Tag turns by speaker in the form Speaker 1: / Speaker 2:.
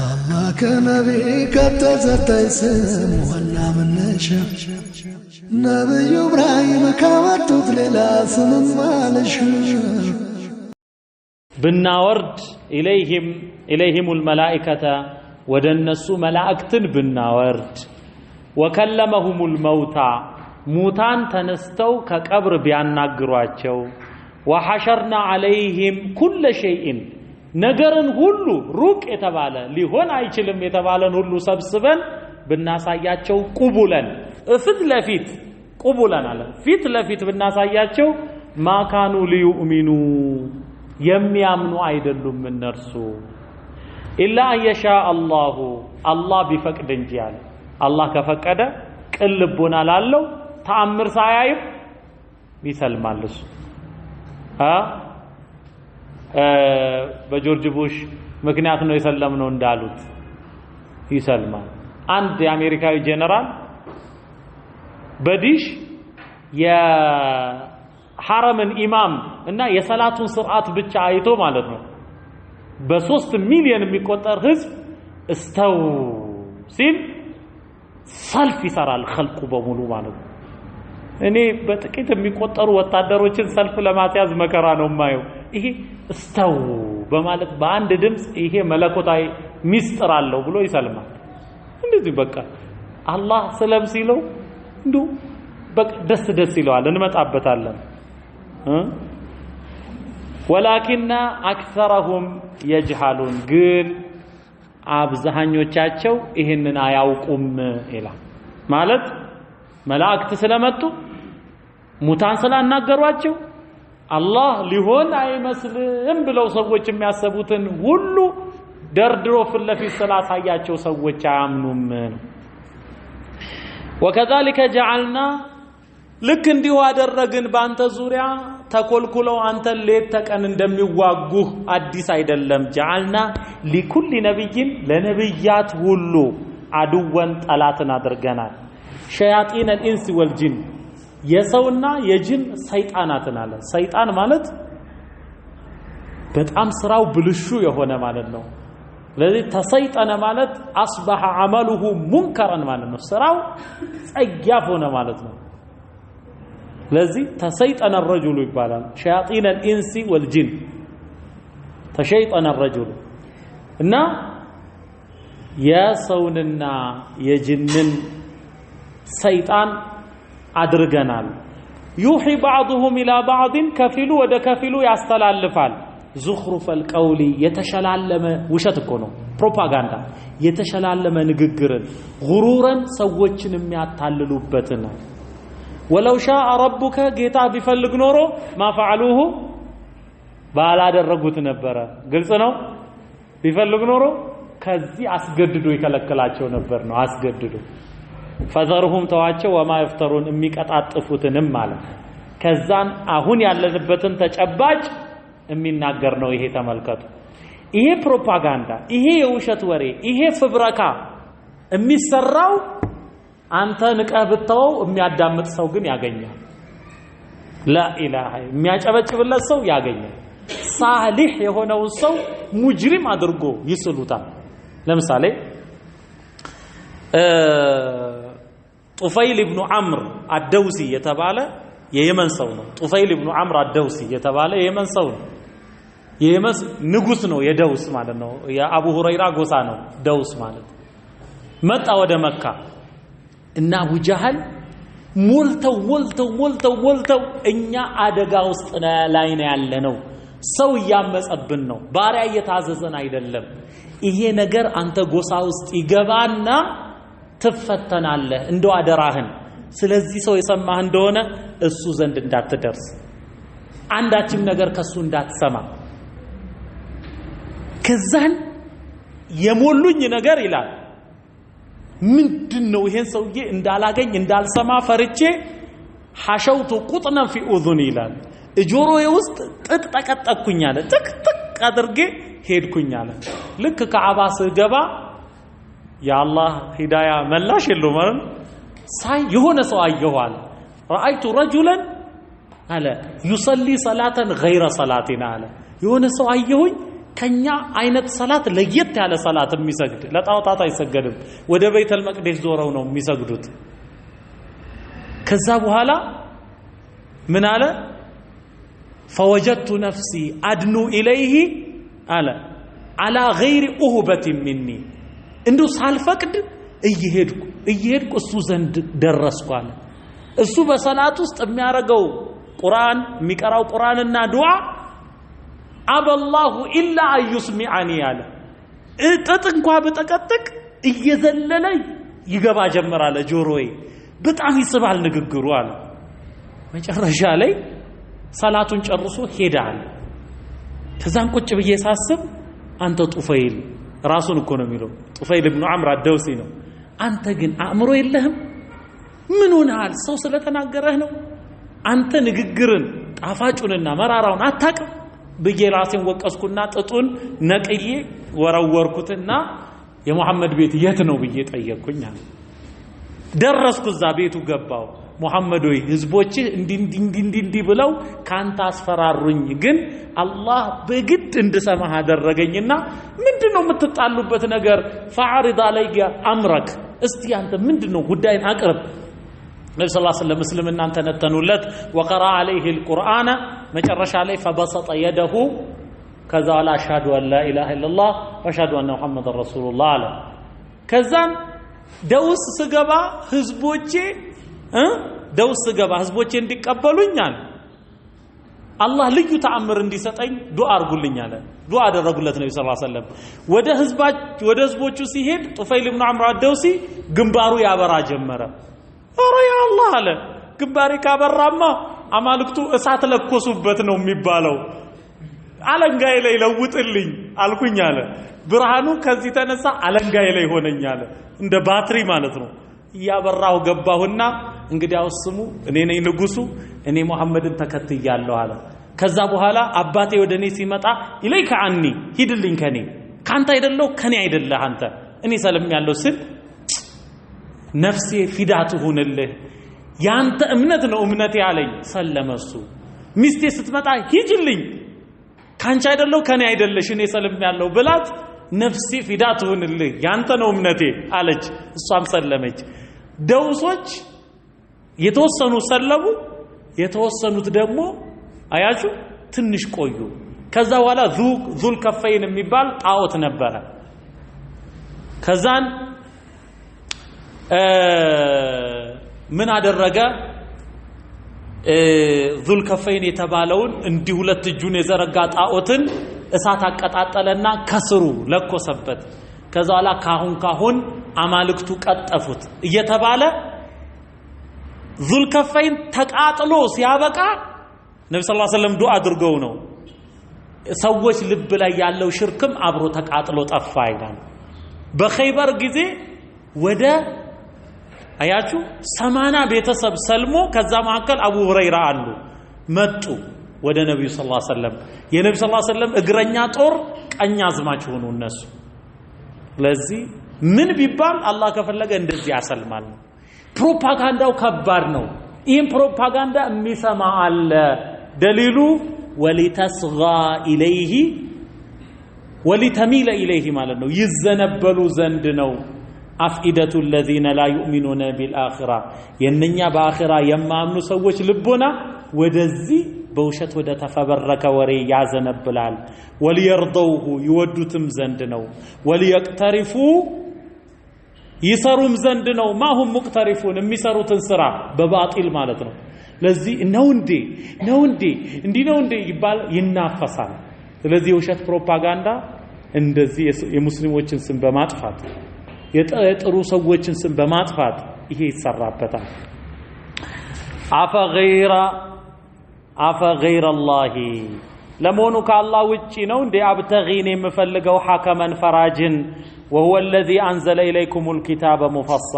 Speaker 1: الله كنبيك تزتيس مهنا من نشا نبي إبراهيم كما تطلل أسن مالش ብናወርድ ኢለይሂም ኢለይሂሙል መላኢከተ ወደ እነሱ መላእክትን ብናወርድ ወከለመሁሙል መውታ ሙታን ተነስተው ከቀብር ቢያናግሯቸው ወሐሸርና ዐለይሂም ኩለ ሸይእን ነገርን ሁሉ ሩቅ የተባለ ሊሆን አይችልም የተባለን ሁሉ ሰብስበን ብናሳያቸው ቁቡለን ፊት ለፊት ቁቡለን አለ ፊት ለፊት ብናሳያቸው ማካኑ ሊዩእሚኑ የሚያምኑ አይደሉም እነርሱ ኢላ አንየሻ አላሁ አላህ ቢፈቅድ እንጂ አለ አላህ ከፈቀደ ቅን ልቦና ላለው ተአምር ሳያይም ይሰልማል እሱ በጆርጅ ቡሽ ምክንያት ነው የሰለም ነው እንዳሉት ይሰልማል። አንድ የአሜሪካዊ ጄኔራል በዲሽ የሐረምን ኢማም እና የሰላቱን ስርዓት ብቻ አይቶ ማለት ነው በሶስት ሚሊዮን የሚቆጠር ህዝብ እስተው ሲል ሰልፍ ይሰራል ኸልቁ በሙሉ ማለት ነው። እኔ በጥቂት የሚቆጠሩ ወታደሮችን ሰልፍ ለማስያዝ መከራ ነው የማየው። ይሄ እስተው በማለት በአንድ ድምፅ ይሄ መለኮታዊ ሚስጥር አለው ብሎ ይሰልማል። እንደዚህ በቃ አላህ ስለብ ሲለው እንዱ በቃ ደስ ደስ ይለዋል። እንመጣበታለን። ወላኪና አክሰረሁም የጅሃሉን ግን አብዛኞቻቸው ይህንን አያውቁም ይላል። ማለት መላእክት ስለመጡ ሙታን ስላናገሯቸው አላህ ሊሆን አይመስልም ብለው ሰዎች የሚያሰቡትን ሁሉ ደርድሮ ፊት ለፊት ስላሳያቸው ሰዎች አያምኑም። ወከዛሊከ ጀዓልና ልክ እንዲሁ አደረግን በአንተ ዙሪያ ተኮልኩለው አንተን ሌት ተቀን እንደሚዋጉህ አዲስ አይደለም። ጀዓልና ሊኩል ነቢይን ለነብያት ሁሉ አድወን ጠላትን አድርገናል። ሸያጢነል ኢንስ ወልጂን የሰውና የጅን ሰይጣናትን አለ። ሰይጣን ማለት በጣም ስራው ብልሹ የሆነ ማለት ነው። ስለዚህ ተሰይጠነ ማለት አስበሐ አመሉሁ ሙንከረን ማለት ነው። ስራው ጸያፍ ሆነ ማለት ነው። ስለዚህ ተሰይጠነ ረጁሉ ይባላል። ሸያጢን አልኢንሲ ወልጂን ተሸይጠነ ረጁሉ እና የሰውንና የጅንን ሰይጣን አድርገናል። ዩሒ ባዕድሁም ኢላ ባዕድን ከፊሉ ወደ ከፊሉ ያስተላልፋል። ዙኽሩፈል ቀውሊ የተሸላለመ ውሸት እኮ ነው፣ ፕሮፓጋንዳ የተሸላለመ ንግግርን ጉሩረን ሰዎችን የሚያታልሉበትን ወለው ሻአ ረቡከ ጌታ ቢፈልግ ኖሮ ማፈዓሉሁ ባላደረጉት ነበረ። ግልጽ ነው። ቢፈልግ ኖሮ ከዚህ አስገድዶ ይከለክላቸው ነበር ነው አስገድዶ ፈዘርሁም ተዋቸው ወማ ይፍተሩን የሚቀጣጥፉትንም ማለት ከዛን አሁን ያለንበትን ተጨባጭ የሚናገር ነው ይሄ ተመልከቱ ይሄ ፕሮፓጋንዳ ይሄ የውሸት ወሬ ይሄ ፍብረካ የሚሰራው አንተ ንቀህ ብተወው የሚያዳምጥ ሰው ግን ያገኛል ላኢላሃ የሚያጨበጭብለት ሰው ያገኛል ሳሊህ የሆነውን ሰው ሙጅሪም አድርጎ ይስሉታል ለምሳሌ ጡፈይል ብኑ አምር አደውሲ የተባለ የየመን ሰው ነው። ጡፈይል ብኑ አምር አደውሲ የተባለ የየመን ሰው ነው። የየመን ንጉስ ነው፣ የደውስ ማለት ነው። የአቡ ሁረይራ ጎሳ ነው ደውስ ማለት። መጣ ወደ መካ እና አቡ ጃህል ሞልተው ሞልተው ሞልተው ሞልተው እኛ አደጋ ውስጥ ላይ ነው ያለ ነው። ሰው እያመጸብን ነው፣ ባሪያ እየታዘዘን አይደለም። ይሄ ነገር አንተ ጎሳ ውስጥ ይገባና ትፈተናለህ። እንደው አደራህን ስለዚህ ሰው የሰማህ እንደሆነ እሱ ዘንድ እንዳትደርስ፣ አንዳችም ነገር ከሱ እንዳትሰማ። ከዛን የሞሉኝ ነገር ይላል ምንድን ነው? ይሄን ሰውዬ እንዳላገኝ እንዳልሰማ ፈርቼ ሐሸውቱ ቁጥነን ፊ ኡዙኒ ይላል እጆሮዬ ውስጥ ጥጥ ጠቀጠቅኩኝ አለ። ጥቅጥቅ አድርጌ ሄድኩኝ አለ። ልክ ከአባ ስገባ የአላህ ሂዳያ መላሽ የለውም አይደል? ሳይ የሆነ ሰው አየኋል። ረአይቱ ረጁለን አለ ዩሰሊ ሰላተን ገይረ ሰላቲና አለ የሆነ ሰው አየሁኝ ከኛ አይነት ሰላት ለየት ያለ ሰላት የሚሰግድ ለጣዖታት አይሰገድም። ወደ ቤተል መቅደስ ዞረው ነው የሚሰግዱት። ከዛ በኋላ ምን አለ ፈወጀቱ ነፍሲ አድኑ ኢለይህ አለ አላ ገይሪ ኡህበትን ሚኒ እንደው ሳልፈቅድ እየሄድኩ እየሄድኩ እሱ ዘንድ ደረስኩ አለ። እሱ በሰላት ውስጥ የሚያረገው ቁርአን የሚቀራው ቁርአንና ዱዓ አበላሁ ኢላ አዩስሚዓኒ አለ። እጥጥ እንኳ ብጠቀጥቅ እየዘለለ ይገባ ጀመር አለ ጆሮዬ። በጣም ይስባል ንግግሩ አለ። መጨረሻ ላይ ሰላቱን ጨርሶ ሄደ አለ። ከዛም ቁጭ ብዬ ሳስብ አንተ ጡፈይል ራሱን እኮ ነው የሚለው ጡፈይል ብኑ አምር አደውሲ ነው። አንተ ግን አእምሮ የለህም? ምን ሆነሃል? ሰው ስለተናገረህ ነው? አንተ ንግግርን ጣፋጩንና መራራውን አታቅም ብዬ ራሴን ወቀስኩና ጥጡን ነቅዬ ወረወርኩትና የሙሐመድ ቤት የት ነው ብዬ ጠየቅኩኝ። ደረስኩ እዛ ቤቱ ገባው። ሙሐመድ ሆይ ህዝቦችህ እንዲህ ብለው ካንተ አስፈራሩኝ፣ ግን አላህ በግድ እንድሰማህ አደረገኝና ምንድን ነው የምትጣሉበት ነገር? ፈአሪድ አለየ አምረክ፣ እስቲ አንተ ምንድን ነው ጉዳይን አቅርብ። ነቢ ስ ስለም እስልምናን ተነተኑለት። ወቀራ አለይህ ልቁርአነ መጨረሻ ላይ ፈበሰጠ የደሁ ከዛ ኋላ አሽሃዱ አን ላኢላሃ ኢለላህ ወአሽሃዱ አነ ሙሐመድ ረሱሉላህ አለ። ከዛም ደውስ ስገባ ህዝቦቼ ደውስ ገባ ህዝቦቼ እንዲቀበሉኝ አለ። አላህ ልዩ ተአምር እንዲሰጠኝ ዱዓ አርጉልኝ አለ። ዱዓ አደረጉለት ነቢ ሰለላሁ ዐለይሂ ወሰለም። ወደ ህዝባች ወደ ህዝቦቹ ሲሄድ ጡፈይል ኢብኑ ዐምር አደውሲ ግንባሩ ያበራ ጀመረ። ኧረ ያ አላህ አለ፣ ግንባሬ ካበራማ አማልክቱ እሳት ለኮሱበት ነው የሚባለው። አለንጋዬ ላይ ለውጥልኝ አልኩኝ አለ። ብርሃኑ ከዚህ ተነሳ አለንጋዬ ላይ ሆነኝ አለ። እንደ ባትሪ ማለት ነው። እያበራሁ ገባሁና እንግዲህ አውስሙ እኔ ነኝ ንጉሱ እኔ ሙሐመድን ተከትያለሁ አለ። ከዛ በኋላ አባቴ ወደ እኔ ሲመጣ ኢለይከ አኒ ሂድልኝ ከኔ ካንተ አይደለው ከኔ አይደለህ አንተ እኔ ሰለም ያለው ስል ነፍሴ ፊዳ ትሁንልህ ያንተ እምነት ነው እምነቴ አለኝ። ሰለመ እሱ። ሚስቴ ስትመጣ ሂጅልኝ ካንቺ አይደለው ከኔ አይደለሽ እኔ ሰለም ያለው ብላት ነፍሴ ፊዳ ትሁንልህ ያንተ ነው እምነቴ አለች። እሷም ሰለመች። ደውሶች የተወሰኑ ሰለቡ የተወሰኑት ደግሞ አያችሁ ትንሽ ቆዩ። ከዛ በኋላ ዙል ከፈይን የሚባል ጣዖት ነበረ። ከዛን ምን አደረገ? ዙል ከፈይን የተባለውን እንዲህ ሁለት እጁን የዘረጋ ጣዖትን እሳት አቀጣጠለና ከስሩ ለኮሰበት። ከዛ በኋላ ካሁን ካሁን አማልክቱ ቀጠፉት እየተባለ ዙልከፈይን ተቃጥሎ ሲያበቃ ነቢ ስ ሰለም ዱዓ አድርገው ነው ሰዎች ልብ ላይ ያለው ሽርክም አብሮ ተቃጥሎ ጠፋ ይላል። በኸይበር ጊዜ ወደ አያችሁ ሰማና ቤተሰብ ሰልሞ ከዛ መካከል አቡ ሁረይራ አሉ መጡ ወደ ነቢዩ ስ ሰለም የነቢ ስ ሰለም እግረኛ ጦር ቀኝ አዝማች ሆኑ እነሱ። ስለዚህ ምን ቢባል አላህ ከፈለገ እንደዚህ ያሰልማል ነው። ፕሮፓጋንዳው ከባድ ነው። ይህም ፕሮፓጋንዳ የሚሰማ አለ። ደሊሉ ወሊተስጋ ኢለይህ ወሊተሚለ ኢለይህ ማለት ነው። ይዘነበሉ ዘንድ ነው። አፍኢደቱ ለዚነ ላ ዩእሚኑነ ቢልአኺራ የነኛ በአኺራ የማያምኑ ሰዎች ልቦና ወደዚህ በውሸት ወደ ተፈበረከ ወሬ ያዘነብላል። ወሊየርደውሁ ይወዱትም ዘንድ ነው። ወሊየቅተሪፉ ይሰሩም ዘንድ ነው። ማሁም ሙቅተሪፉን የሚሰሩትን ስራ በባጢል ማለት ነው። ለዚህ ነው እንዴ ነው እንዴ እንዲህ ነው እንዴ ይባል ይናፈሳል። ስለዚህ የውሸት ፕሮፓጋንዳ እንደዚህ የሙስሊሞችን ስም በማጥፋት የጥሩ ሰዎችን ስም በማጥፋት ይሄ ይሰራበታል። አፈገይረ አፈገይረ አላሂ ለመሆኑ ከአላህ ውጪ ነው እንዴ አብተጊን የምፈልገው ሐከመን ፈራጅን ወሁወ አለዚ አንዘለ ኢለይኩሙል ኪታበ ሙፈሰላ